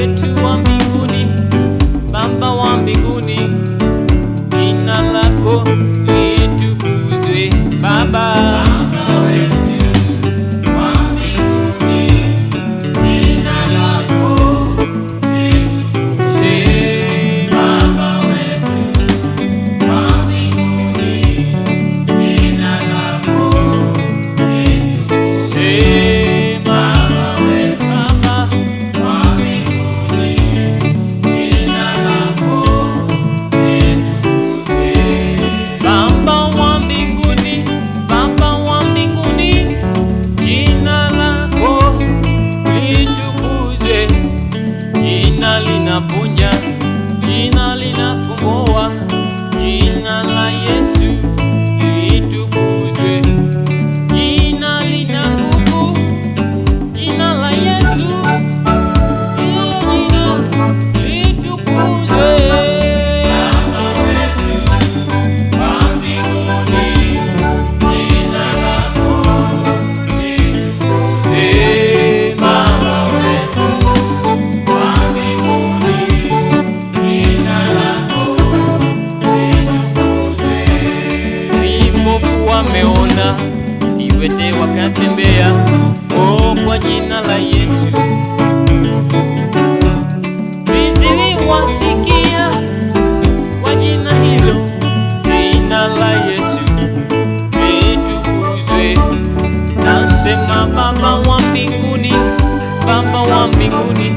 it to wameona, iwete wakatembea. Oh, kwa jina la Yesu, viziwi wasikia, kwa jina hilo, jina la Yesu vitukuzwe Nasema Baba wa mbinguni, Baba wa mbinguni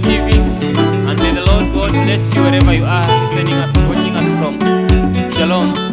TV. And may the Lord God bless you wherever you are listening us and watching us from. Shalom.